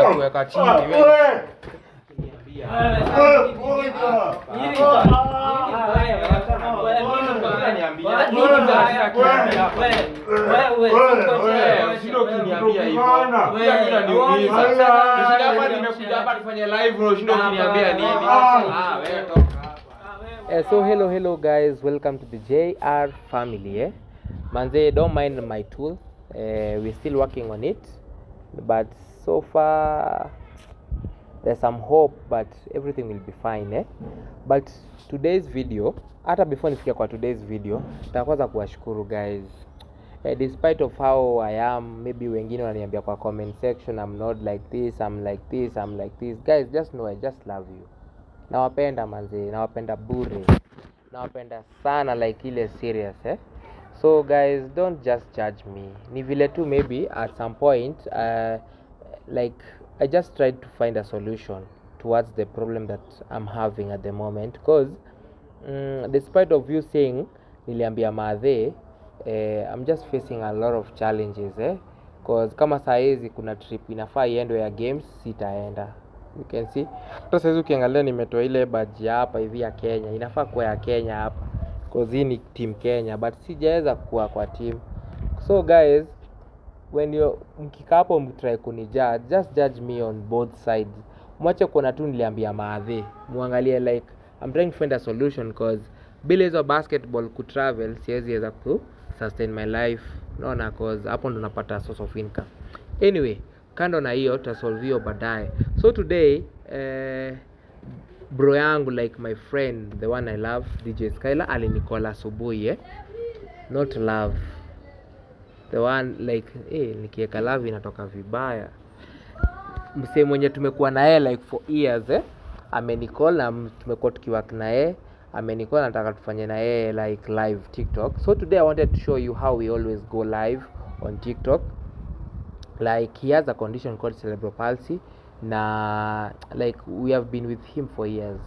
kuweka chini ah, ah, ah, eh, so hello hello guys welcome to the jr family eh? manze don't mind my tool uh, we're still working on it but so far there's some hope but everything will be fine eh? but today's video hata before nifika kwa today's video takwaza kuwashukuru guys eh, despite of how I am maybe wengine wananiambia kwa comment section I'm not like this I'm like this I'm like this guys just know I just love you nawapenda manzi nawapenda bure nawapenda sana like ile serious eh? so guys don't just judge me ni vile tu maybe at some point uh, like I just tried to find a solution towards the problem that I'm having at the moment because mm, despite of you saying niliambia madhe eh, I'm just facing a lot of challenges eh? Cause kama saizi kuna trip inafaa iendwe ya games sitaenda, you can see. Hata saizi ukiangalia nimetoa ile badge hapa hivi ya Kenya, inafaa kuwa ya Kenya hapa cause hii ni team Kenya, but sijaweza kuwa kwa team, so guys when you mkikapo mtry kunijudge just judge me on both sides mwache kuona tu niliambia maadhi mwangalie like I'm trying to find a solution cause bila hizo basketball ku travel siwezi weza ku sustain my life naona cause hapo ndo napata source of income anyway kando na hiyo tutasolve hiyo baadaye so today eh, bro yangu like my friend the one i love dj skylar alinikola asubuhi eh? not love the one like eh, nikiweka love inatoka vibaya. Msee mwenye tumekuwa na yeye like for years eh, amenicall na tumekuwa tukiwork na yeye amenicall, nataka tufanye na yeye like live TikTok. So today I wanted to show you how we always go live on TikTok like he has a condition called cerebral palsy na like we have been with him for years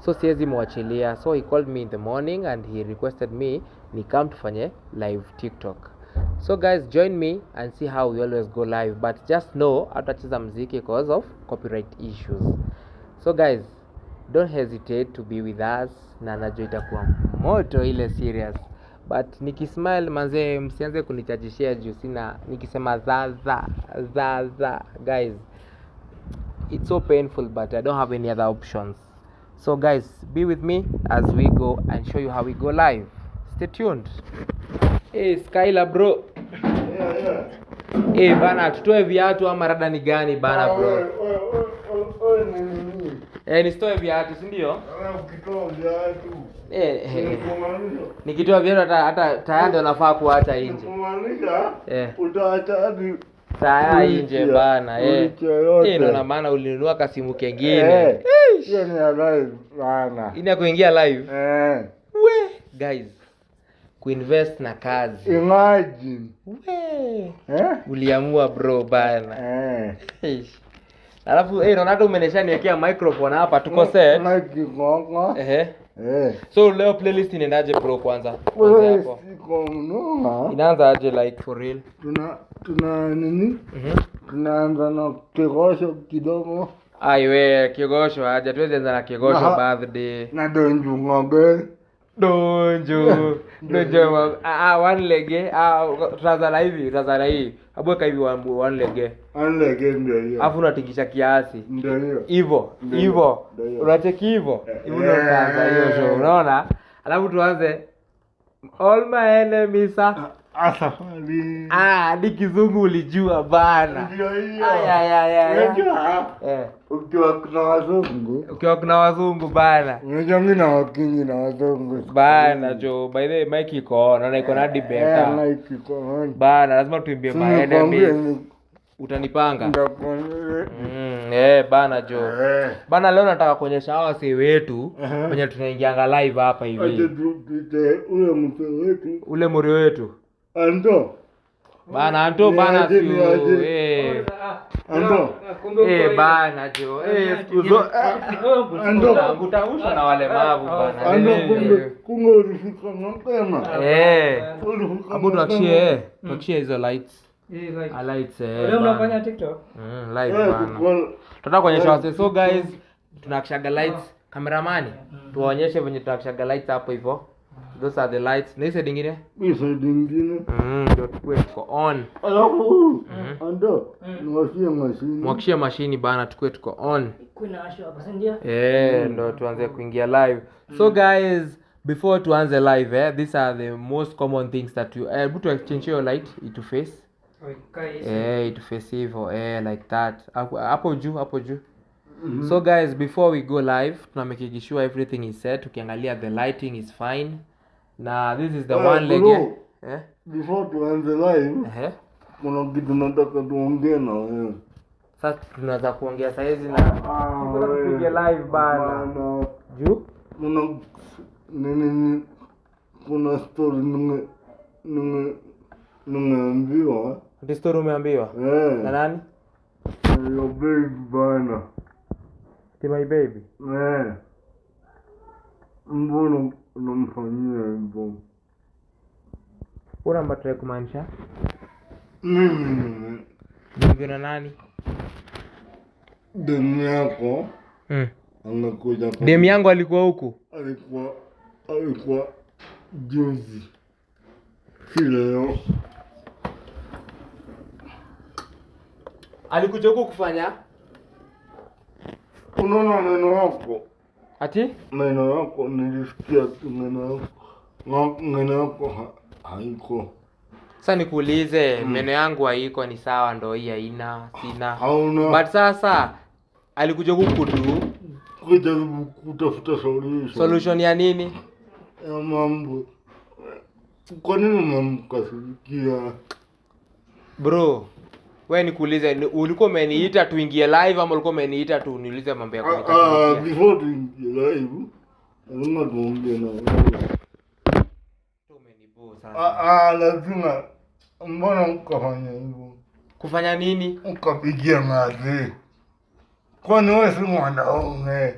so siwezi mwachilia so he called me in the morning and he requested me ni come tufanye live TikTok So guys join me and see how we always go live but just know hatutacheza mziki because of copyright issues. So guys don't hesitate to be with us na najua itakuwa moto ile serious but nikismile manze, msianze kunichachishia juu sina nikisema za za za za guys, it's so painful but I don't have any other options. So guys be with me as we go and show you how we go live. Stay tuned. Hey, eh, Skyla bro. Yeah, yeah. Hey, eh, bana tutoe viatu ama rada ni gani bana bro? Oe, oe, oe, oe, nini? Eh, nisitoe viatu si ndio? Ukitoa viatu. Eh, eh. Nikitoa viatu hata hata tayari nafaa kuacha nje. Kumaanisha? Eh. Utaacha hadi tayari nje bana eh. Eh, ndio maana ulinunua kasimu kengine. Eh, hiyo ni live bana. Ina kuingia live? Eh. We, guys kuinvest na kazi. Imagine. We. Eh? Uliamua bro bana. Eh. Alafu eh hey, Ronaldo niwekea microphone hapa tuko set. Na kigongo. Eh. Eh. So leo playlist inaendaje bro kwanza? Inaanza aje like for real? Tuna tuna nini? Mhm. Mm Tunaanza na kigosho kidogo. Aiwe, kigosho aje tuweze na kigosho birthday. Na donju ng'ombe. Donjo. Donjo. Ah, ah, one lege. Eh? Ah, tazara hivi, tazara hii. Abweka hivi one lege. Eh? One lege eh, ndio hiyo. Alafu unatingisha kiasi. Ndio hiyo. Hivyo, hivyo. Unacheki hivyo. Hivyo ndio tazara hiyo. Unaona? Alafu tuanze All my enemies are ah. Safari. Ah, hadi kizungu ulijua bana. Eh. Ukiwa kuna wazungu. Ukiwa kuna wazungu bana. Unajua mimi na wakingi na wazungu. Bana jo, by the way mic iko on, na iko na eh, debate. Eh, mic iko on. Bana, lazima tuimbie maenemy. Utanipanga? Mm, eh, bana jo. Eh. Bana leo nataka kuonyesha hawa si wetu wenye tunaingianga live hapa hivi. Ule mtu wetu. Ule mori wetu. Ando. Ah, bana ando bana tu. Eh. Ando. Ah, eh bana jo. Eh kuzo. Ando kutausha na wale mabu ah, bana. Ando eh. kumbe kumbe ulifika mapema. Eh. eh. Abu tuachie eh. Hmm. Tuachie hizo lights. Eh lights. Ah lights eh. Leo unafanya TikTok? Mm, lights eh, bana. Tunataka kuonyesha wase so guys tunakishaga lights. Kameramani, hmm. tuwaonyeshe venye tunakishaga lights hapo hivyo. Those are the lights. Na side nyingine? Hii side nyingine. Mm, ndio tukue tuko on. Alafu mhm. ando mm. niwashie mashini. Mwakishie mashini bana tukue tuko on. Kuna washo hapa ndio? Eh, ndio tuanze kuingia live. So mm. guys, before tuanze live eh, these are the most common things that you eh, to exchange your light face. Okay. Eh, face hivyo eh like that. Hapo juu, hapo juu mm -hmm. so guys before we go live tunamake sure everything is set ukiangalia the lighting is fine na this is the uh, one leg hello. eh? before tuanze live uh -huh. kitu nataka tuongee na wewe sasa tunaweza kuongea saizi na tupige ah, live bana juu kuna nini kuna story ninge ninge ningeambiwa ni story umeambiwa yeah. na nani your big bana ti my baby eh mbona unamfanyia hivyo una ambatare kumaanisha mimi nivyo na nani demu yako mm. anakuja demu yangu alikuwa huku alikuwa alikuwa juzi si leo alikuja huku kufanya Unaona meno yako. Ati? Meno yako nilisikia tu meno yako. Meno yako haiko. Sasa nikuulize, mm. meno yangu haiko ni sawa ndo hii haina, sina. Hauna. But sasa alikuja huku tu kuja kutafuta solution. Solution ya nini? Ya mambo. Kwa nini unamkasirikia? Bro, we nikuulize, ni- ulikuwa umeniita tuingie live ama ulikuwa umeniita tu niulize mambo ya Ah, ah, kuita? before tuingie live, lazima tuongee na wewe. Umenibu Ah, sana. ah, lazima mbona ukafanya hivyo Kufanya nini? ukapigia mazi kwani we si mwanaume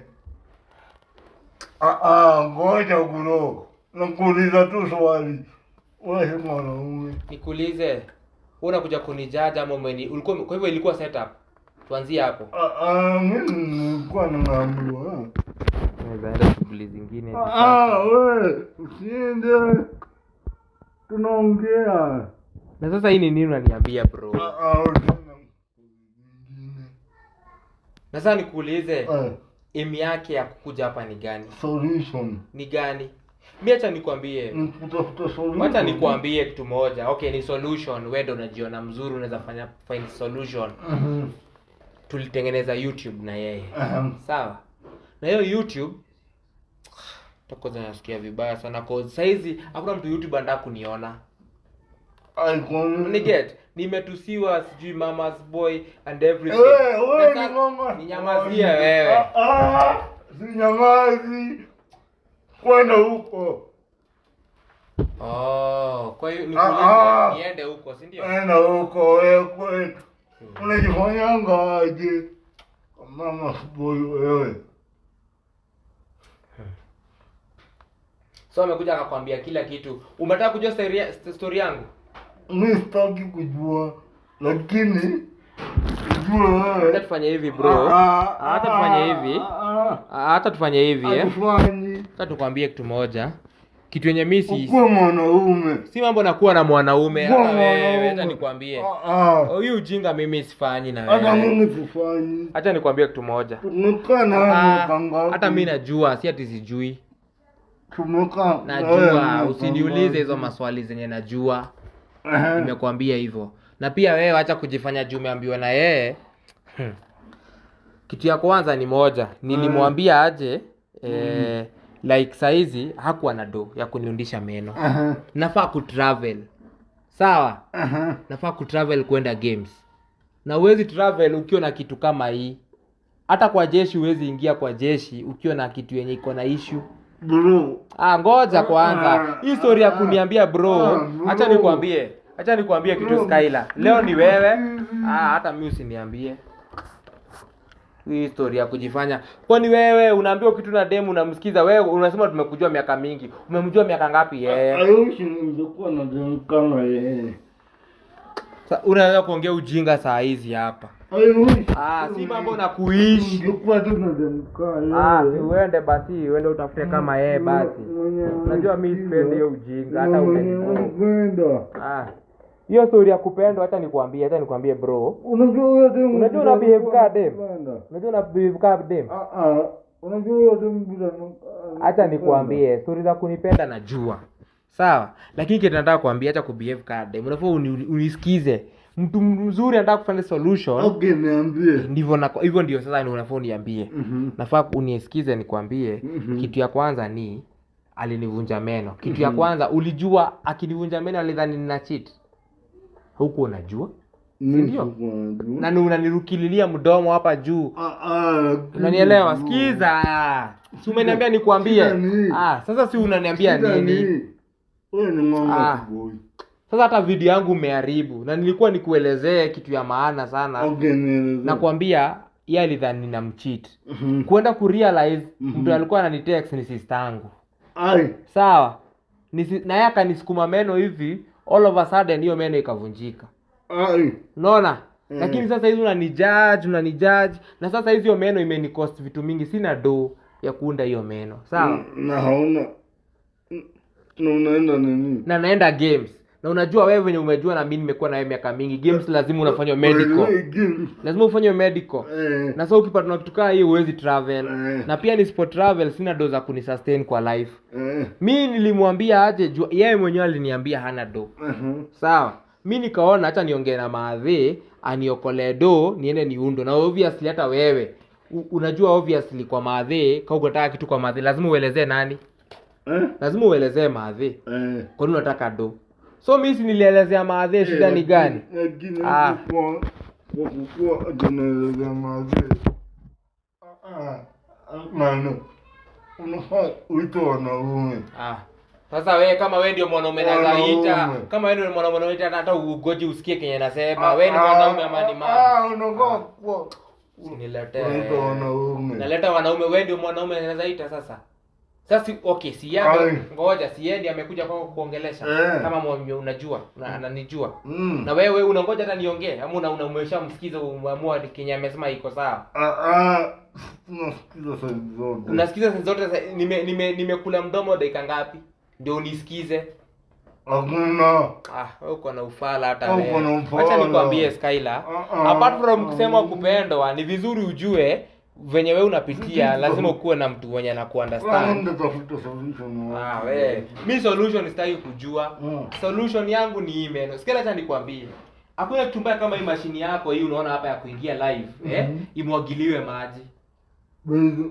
Ah, ah, ngoja guro nakuuliza tu swali we si mwanaume Nikuulize, wewe unakuja kunijaja ama umeni ulikuwa kwa hivyo ilikuwa setup. Tuanzie hapo. Ah, ah mimi nilikuwa ninaambiwa naweza enda shughuli zingine. Ah, ah, wewe usiende, tunaongea na sasa. Hii ni nini unaniambia bro? Ah, ah na sasa nikuulize eh. imi yake ya kukuja hapa ni gani? Solution ni gani? Mi acha nikwambie, mm, acha nikwambie kitu moja. Okay, ni solution. Wewe ndio unajiona mzuri, unaweza fanya find solution. Mm-hmm. Tulitengeneza YouTube na yeye. uh-huh. Sawa. Na hiyo YouTube takoza nasikia vibaya sana cause saizi hakuna mtu YouTube anataka kuniona. Niget, nimetusiwa sijui mama's boy and everything. Hey, hey, ninyamazia wewe. Ah, ah, sinyamazi kwenda huko Oh, kwa hiyo ni ah, kuliza ah. niende huko, si ndio? Enda huko wewe kwetu. Hmm. Unajifanya ngaje? Mama boy wewe. So amekuja akakwambia kila kitu. Umetaka kujua story yangu? Mimi sitaki kujua. Lakini Hata tufanye hivi bro. Ah, Hata tufanye hivi. Hata tufanye hivi eh. Sasa tukwambie kitu moja. Kitu yenye mimi si kwa mwanaume. Si mambo nakuwa na mwanaume hata wewe, hata nikwambie. Ah, ah. Oh, hii ujinga mimi sifanyi na wewe. Hata mimi sifanyi. Hata nikwambie kitu moja. na ah, wewe Hata mimi najua, si ati sijui. Najua, usiniulize hizo maswali zenye najua. Nimekwambia hivyo. Na pia wewe wacha kujifanya juu umeambiwa na yeye. Hmm. Kitu ya kwanza ni moja. Eh. Nilimwambia aje eh, mm like saizi hakuwa na do ya kuniundisha meno uh -huh. nafaa kutravel sawa uh -huh. nafaa kutravel kwenda games na uwezi travel ukiwa na kitu kama hii hata kwa jeshi huwezi ingia kwa jeshi ukiwa na kitu yenye iko na ishu ah ngoja kwanza ah. hii story ya kuniambia bro hacha ah, nikuambie hacha nikuambie kitu skyla leo ni wewe mm. ah hata mi usiniambie hii story ya kujifanya. Kwani wewe unaambiwa kitu na demu unamsikiza wewe, unasema tumekujua miaka mingi. Umemjua miaka ngapi yeye? Ah, ah, I wish na demu kama yeye. Sasa unaanza kuongea ujinga saa hizi hapa. Ah, si ah, mambo na kuishi. tu na Ah, uende basi, uende utafute hmm, kama yeye basi. Unajua mimi sipendi hiyo ujinga hata uende. Ah hiyo story ya kupendwa hata nikwambie hata nikwambie bro ah, ah. hata nikwambie story za kunipenda najua sawa lakini kitu nataka kuambia hata kubehave ka unafaa unisikize mtu mzuri anataka kufanya solution okay, niambie ndivyo na hivyo ndio sasa unafaa uniambie mm-hmm. nafaa unisikize nikwambie mm-hmm. kitu ya kwanza ni alinivunja meno kitu mm-hmm. ya mhm. kwanza ulijua akinivunja meno alidhani nina cheat huku unajua na ni unanirukililia mdomo hapa juu. Ah, ah, Unanielewa? Sikiza. Si umeniambia nikwambie. Ah, sasa si unaniambia nini? Sasa hata video yangu umeharibu na nilikuwa nikuelezee kitu ya maana sana. Okay, nakwambia yeye alidhani nina mchit mhm. Kuenda kurealize Mtu mhm. alikuwa ananitext ni sistangu. Ai. Sawa. na akanisukuma meno hivi all of a sudden hiyo meno ikavunjika. Unaona? Mm. Lakini sasa hizi unani judge na sasa hizi hiyo meno cost vitu mingi, sina do ya kuunda hiyo meno. Sawa? Mm, na hauna mm, na unaenda nini? Na naenda games na unajua wewe venye umejua na mimi nimekuwa na wewe miaka mingi games lazima unafanywa eh, eh, medical eh, lazima ufanywe medical na sasa ukipata na kitu kaa hii huwezi travel na pia nisipo travel sina do za kunisustain kwa life mi nilimwambia aje jua yeye mwenyewe aliniambia hana do uh-huh. sawa mi nikaona hata niongee na maadhi aniokolee do niende niundo na obviously hata wewe unajua obviously kwa maadhee kaukataka kitu kwa maadhi lazima uelezee nani eh? lazima uelezee maadhi eh. kwani unataka do So mimi si nilielezea maadhe shida ni eh, gani? Ah. Ah, ah, sasa we kama we ndio mwanaume nazaita, kama we ndio mwanaume naita hata ugoji usikie kenye nasema. We ni mwanaume ama ni mama? Ah, wanaume. Naleta wanaume, we ndio mwanaume nazaita sasa. Sasa okay, si yeye ngoja, si yeye amekuja kwako kuongelesha yeah. Kama mwa unajua na mm. ananijua mm. Na wewe unangoja hata niongee ama una unamwesha msikize uamua Kenya amesema iko sawa. Ah ah, unasikiza sasa zote. Unasikiza sasa zote sasa nime nime nimekula mdomo dakika ngapi? Ndio unisikize. Hakuna. Ah, uko na ufala hata wewe. Acha nikwambie Skyla. Uh ah, -uh. Ah. Apart from kusema kupendwa, ni vizuri ujue venye we unapitia lazima ukuwe na mtu mwenye anakuunderstand. Ah, mi solution sitaki kujua mm. Solution yangu ni meno Sikia, acha nikwambie, hakuna kitu mbaya kama hii mashini yako hii unaona hapa ya kuingia live mm -hmm. eh, mhm. imwagiliwe maji Bezo.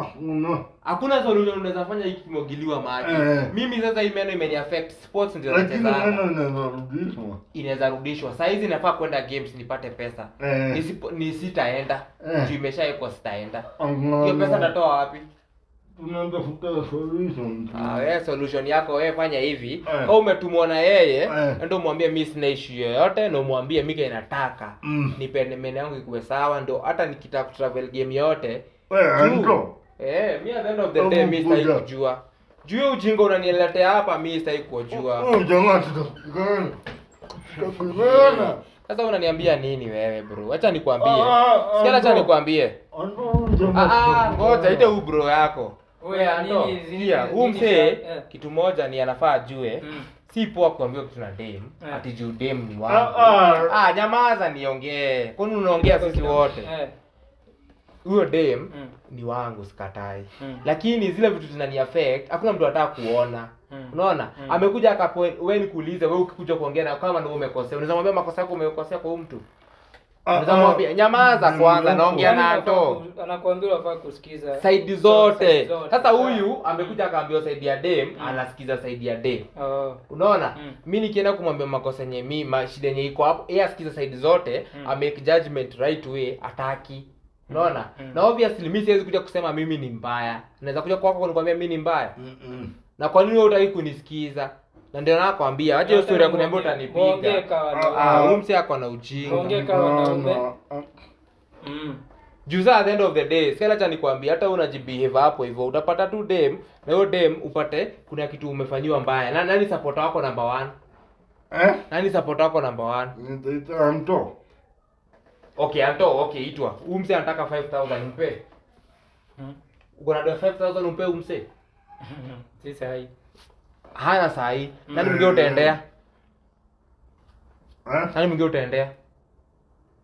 Ah, Hakuna. solution unaweza fanya hiki kimwagiliwa maji. Eh, eh. Mimi sasa hii meno imeni affect sports ndio nacheza. Lakini inaweza rudishwa. Inaweza rudishwa. Saa hizi nafaa kwenda games nipate pesa. Eh. eh. Nisipo ni sitaenda. Eh. Juu imeshawekwa sitaenda. Hiyo pesa natoa wapi? Tunatafuta solution. Ah, wewe solution yako wewe fanya hivi. Eh. Kama umetumwa na yeye, eh. ndio mwambie mimi sina issue yoyote, na umwambie mimi inataka. Mm. Nipe meno yangu ikuwe sawa ndio hata nikitaka travel game yote. Wewe, Eh, mi at the end of the day mi sitaki kujua. Juu ujinga unaniletea hapa mi sitaki kujua. Oh, oh jamaa tutakugana. Tutakugana. Sasa unaniambia nini wewe bro? Acha nikwambie. Ah, ah, ah, Sikia acha nikwambie. Ah, ngoja ite huyu bro yako. Wewe nini zilia? Huyu eh. kitu moja ni anafaa ajue. Hmm. Si poa kuambiwa kitu na dem. Eh. Ati juu dem ni wangu. Ah, nyamaza niongee. Kwani unaongea sisi wote? Eh huyo dem mm. ni wangu sikatai mm. lakini zile vitu zinani affect hakuna mtu anataka kuona mm. unaona mm. amekuja akapo wewe nikuulize wewe ukikuja kuongea na kama ndio umekosea unaweza mwambia makosa yako umekosea kwa huyu mtu ah, ah. Mwambia, nyamaza mm, kwanza mm, naongea mm. na yaani anakuambia kusikiza side zote sasa ah. huyu amekuja akaambia side ya dem mm. anasikiza side ya dem oh. unaona mm. nikienda kumwambia makosa yenye mimi shida yenye iko hapo yeye asikiza side zote mm. ame judgment right way ataki Unaona? Mm. Na obviously mimi siwezi kuja kusema mimi ni mbaya. Naweza kuja kwako kunikwambia mimi ni mbaya. Mm -mm. Na kwa nini wewe utaki kunisikiza? Na ndio nakwambia, acha hiyo story ya kuniambia utanipiga. Ah, ah, huyu msi yako na ujinga. Ongea wanaume. Mm. Juza at the end of the day, sasa acha nikwambie hata unajibehave hapo hivyo utapata tu dem na hiyo dem upate kuna kitu umefanyiwa mbaya. Na nani support wako number 1? Eh? Nani support wako number 1? Ni uh, mtoto. Okay, Anto, okay, itwa. Umse anataka 5000 umpe. Mhm. Uko na 5000 umpe umse. mzee? Hmm. Si sahi. Hana sahi. Nani mwingine hmm. utaendea? Eh? Nani mwingine utaendea?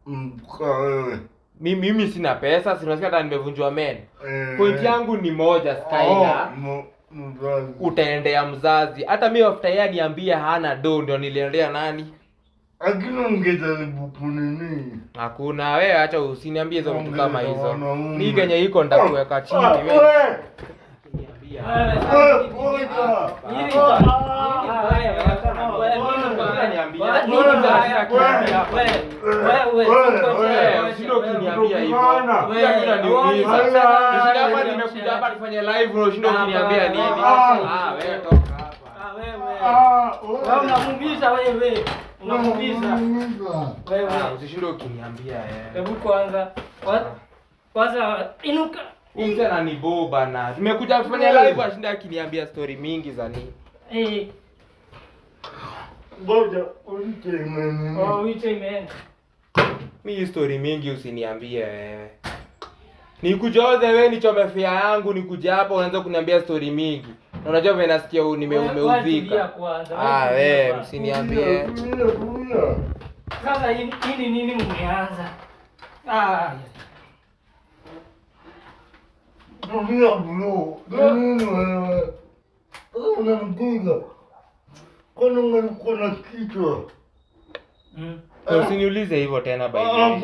Mimi mm, mimi sina pesa, si unasikia hata nimevunjwa men. Eh. Point yangu ni moja Skyla. Oh, utaendea mzazi. Hata mimi after yeye niambia hana do ndio niliendea nani? Lakini ungejaribu kunini? Hakuna, we acha usiniambie hizo mtu kama hizo. Ni kenye iko nitakuweka oh, chini oh, oh, wewe. wewe unamuuliza wewe, ah, usishinde ukiniambia. Eh. Hebu kwanza ah. kwanza inuka. ni boba na tumekuja kufanya live, ashinda akiniambia story mingi za nini eh. Ngoja uite mimi. Oh, uite mimi. Mimi story mingi usiniambie wewe. Eh. Nikujoze wewe nichome fia yangu, nikuja hapa unaanza kuniambia story mingi na unajua vile nasikia huu nimeudhika. Ah, eh, wewe msiniambie. Sasa hii ni nini mmeanza? Ah. Ndio bro. Ndio. Unampiga. Kono ngani na kichwa. Mm. Eh, usiniulize hivyo tena by the ah, way.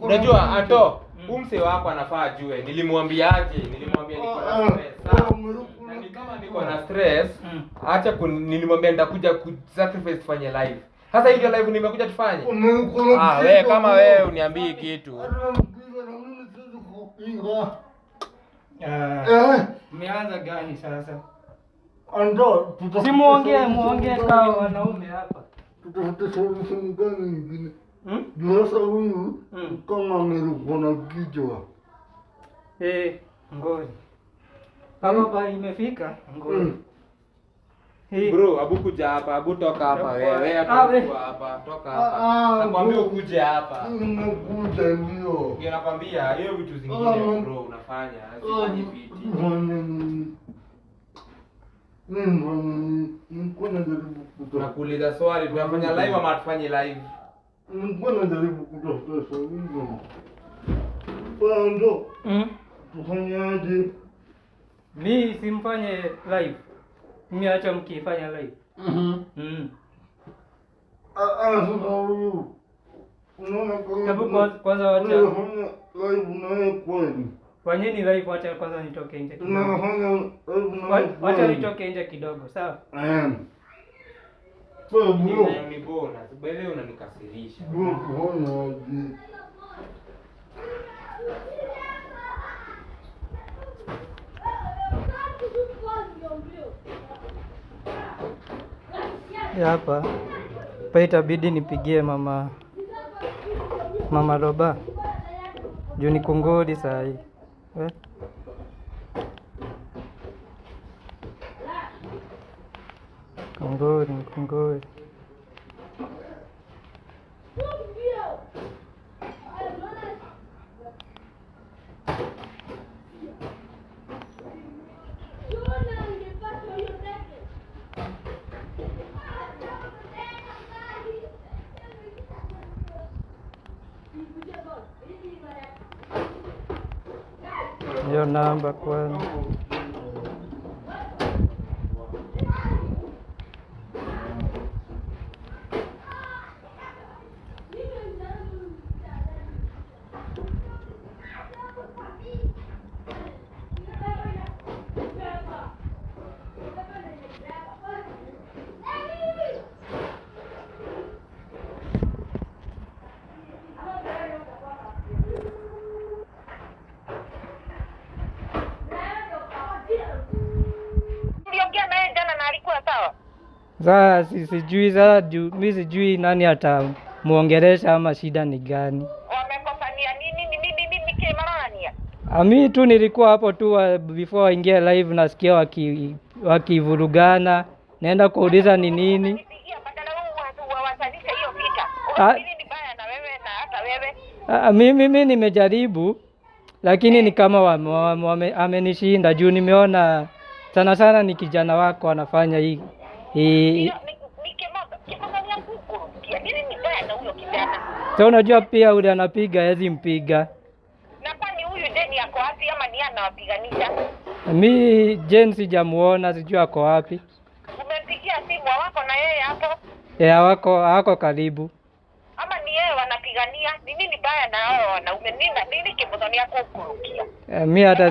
Unajua ato, mm. umse wako anafaa ajue. Nilimwambiaje? Nilimwambia niko na pesa. Ah, ah, ni kama niko na stress, acha nilimwambia nitakuja ku sacrifice tufanye live. Sasa hiyo live nimekuja tufanye. Ah, wewe kama wewe uniambie kitu. umeanza eh. eh. gani sasa? Ando, si muongee muongee kama wanaume hapa. Hmm? solution gani hmm. kama amerukwa na kichwa. Eh, ngoja. Baba hmm. imefika ngoja. Hmm. Bro, abu kuja hapa, abu toka hapa wewe, abu ah, hapa, toka ah, hapa. Ah, nakwambia ukuje hapa. Nimekuja hmm, hiyo. Ndio nakwambia hiyo vitu zingine bro unafanya, hazifanyi fiti. Nakuuliza swali, tunafanya live ama tufanye live? Tufanyaje? mi simfanye live, mi acha mkifanya live. Mhm. Mm. Kwanza kwanza wacha live, wacha kwanza nitoke nje, wacha nitoke nje kidogo, sawa? Ni bora unanikasirisha hapa pa itabidi nipigie mama mama Roba juu ni kungodi saa hii eh? Kungodi, Your number, acuerdo Sasa sijui sasa mimi sijui nani atamuongelesha ama shida ni gani? Wamekosania nini? Ni mimi bibi Kemarania. Ami ah, tu nilikuwa hapo tu before waingia live nasikia waki wakivurugana. Naenda kuuliza ni nini? Ah. Mimi ah, nimejaribu lakini ni eh. kama wame, wame, amenishinda juu nimeona sana sana ni kijana wako anafanya hii i... So unajua pia ule anapiga hezi mpiga mi Jane sijamuona, sijui ako wapi. Umempigia simu wako na yeye hapo? Eh, wako wako karibu. Ama ni yeye wanapigania? Ni nini baya na hao wanaume? Nini nini kimudhania kukurukia? Eh, mi hata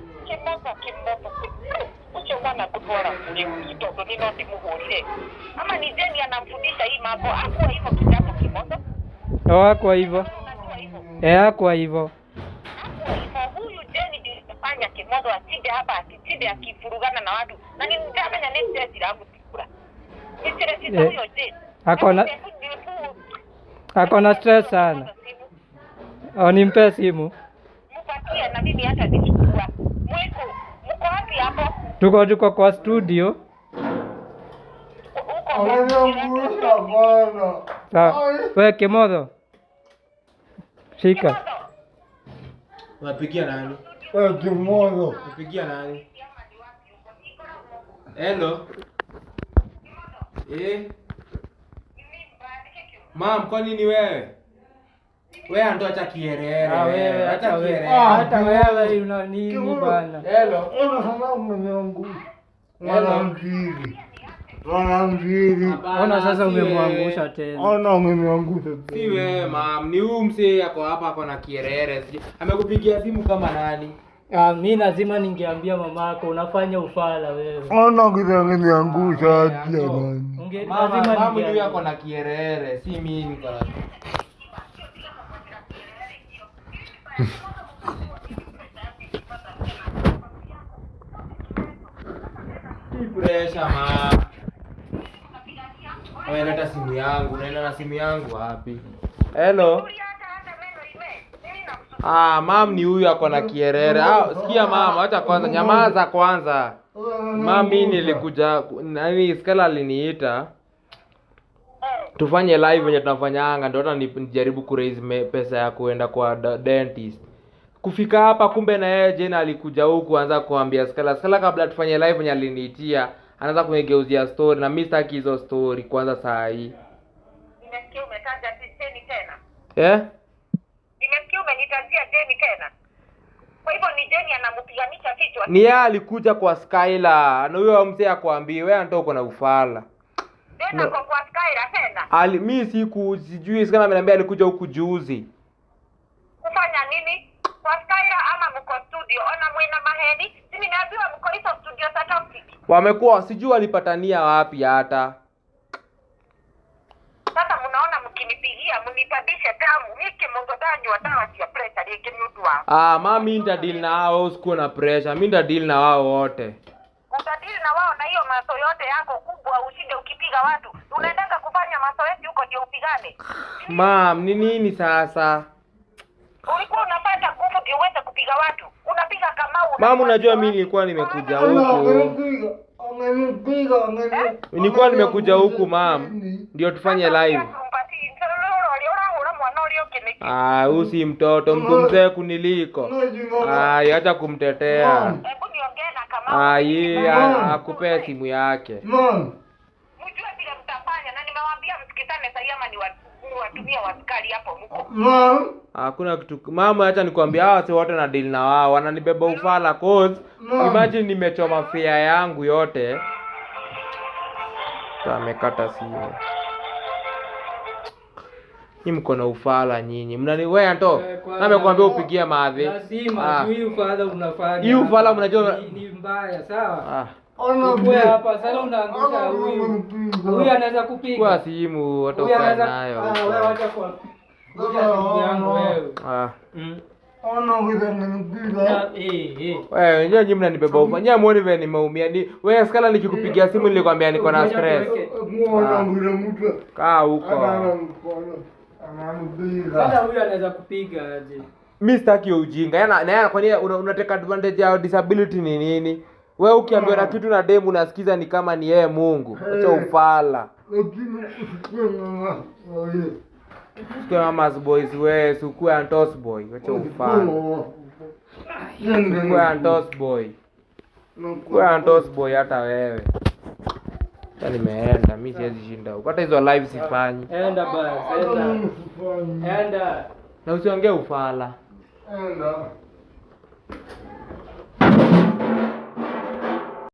mtu akonina simuhole ama ni jeni anamfundisha hii mambo, hivyo kitabu oh, hivyo eh, hivyo huyu jeni asije hapa asije akifurugana na watu na ni next year sikura ni stress hiyo eh, yaani stress sana. Au nimpe oh, simu mpatie na mimi hata nichukua wapi hapo? Tuko tuko kwa studio. Wewe Kimodo. Shika. Unapigia nani? Wewe Kimodo. Unapigia nani? Hello. Eh. Mam, kwa nini wewe? Wewe ando acha kierere. Ah, wewe acha kierere. Hata wewe ah, una nini bwana? Hello. Ona sasa mume wangu. Mwanamziri. Mwanamziri. Ona sasa umemwangusha tena. Ona umemwangusha tena. Si wewe mam, ni huyu msee ako hapa ako na kierere. Amekupigia simu kama nani? Ah, mi lazima ningeambia mamako unafanya ufala wewe. Ona kuniangusha tena. Ah, lazima ningeambia. ndio yako na kierere, si mimi kwa sababu. Ameleta simu yangu, naenda na simu yangu wapi? Hello. Ah, mam ni huyu ako na kierere. Ah, sikia mama, acha kwanza, nyamaza kwanza. Mami nilikuja nani Skala aliniita tufanye live venye tunafanyanga, ndio hata nijaribu ku raise pesa ya kuenda kwa dentist. Kufika hapa kumbe na yeye Jane alikuja huku anza kuambia Skala, Skala kabla tufanye live venye aliniitia, anaanza kunigeuzia story na mimi sitaki hizo story kwanza saa hii. Nimesikia umetaja Jane tena. Eh? Nimesikia umenitajia Jane tena. Kwa hivyo ni Jane anamupiganisha kichwa. Ni yeye alikuja kwa Skyla. Na huyo mzee akwambie wewe ndio uko na ufala. Jane no. kwa Skyla. Ali, mi siku sijui sikana ameniambia alikuja huku juzi. Kufanya nini? Kwa Skyra ama mko studio? Ona mwena maheni. Mimi naambiwa mko hizo studio za topic. Wamekuwa sijui walipatania wapi hata. Sasa mnaona mkinipigia mnipandishe damu niki mungu danywa dawa ya pressure ni mtu Ah, mami nita deal na hao sikuwa na pressure. Mimi nita deal na wao wote utadili na wao na hiyo maso yote yako kubwa, ushinde ukipiga watu. Unaendanga kufanya masoezi huko ndio upigane? Mam, ni nini sasa? Ulikuwa unapata nguvu ndio uweze kupiga watu, unapiga Kamau. Mam, unajua mi nilikuwa nimekuja huku, nilikuwa nimekuja huku mam, ndio tufanye live. Ah, huyu si mtoto mtu mzee kuniliko. Ah, acha kumtetea aye akupea simu yake. Hakuna kitu mama, acha nikwambia hawa si wote na deal na wao. Wananibeba ufala cause imagine nimechoma fia yangu yote. Tamekata simu. Ni mko na ufala nyinyi. Mnani wewe ndo. Eh, na amekwambia upigie maadhi. Lazima ah. tu hii ufala unafanya. Hii ufala mnajua ni mbaya, sawa? Ah. Ona wewe hapa sasa unaangusha huyu. Huyu anaweza kupiga. Kwa simu hata ukae nayo. Ah, wewe acha kwa. Ngoja yangu wewe. Ah. Mm. Eh, eh. Wewe nyinyi mnanibeba ufa. Nyinyi muone vile nimeumia. Wewe skala nikikupigia simu nilikwambia niko na stress. Ah. Kaa huko. Sasa huyu anaweza ujinga. Yana na yana unateka advantage ya disability ni nini? Wewe ukiambiwa na ah. kitu na demu unasikiza ni kama ni yeye Mungu. Eh. Acha ufala. Sikia mama's boys wewe, sikuwa antos boy. Acha ufala. Sikuwa antos boy. Sikuwa antos boy hata wewe. Yani nimeenda mimi, siwezi shinda huko, hata hizo live sifanyi. Enda basi, enda enda, na usiongee ufala, enda.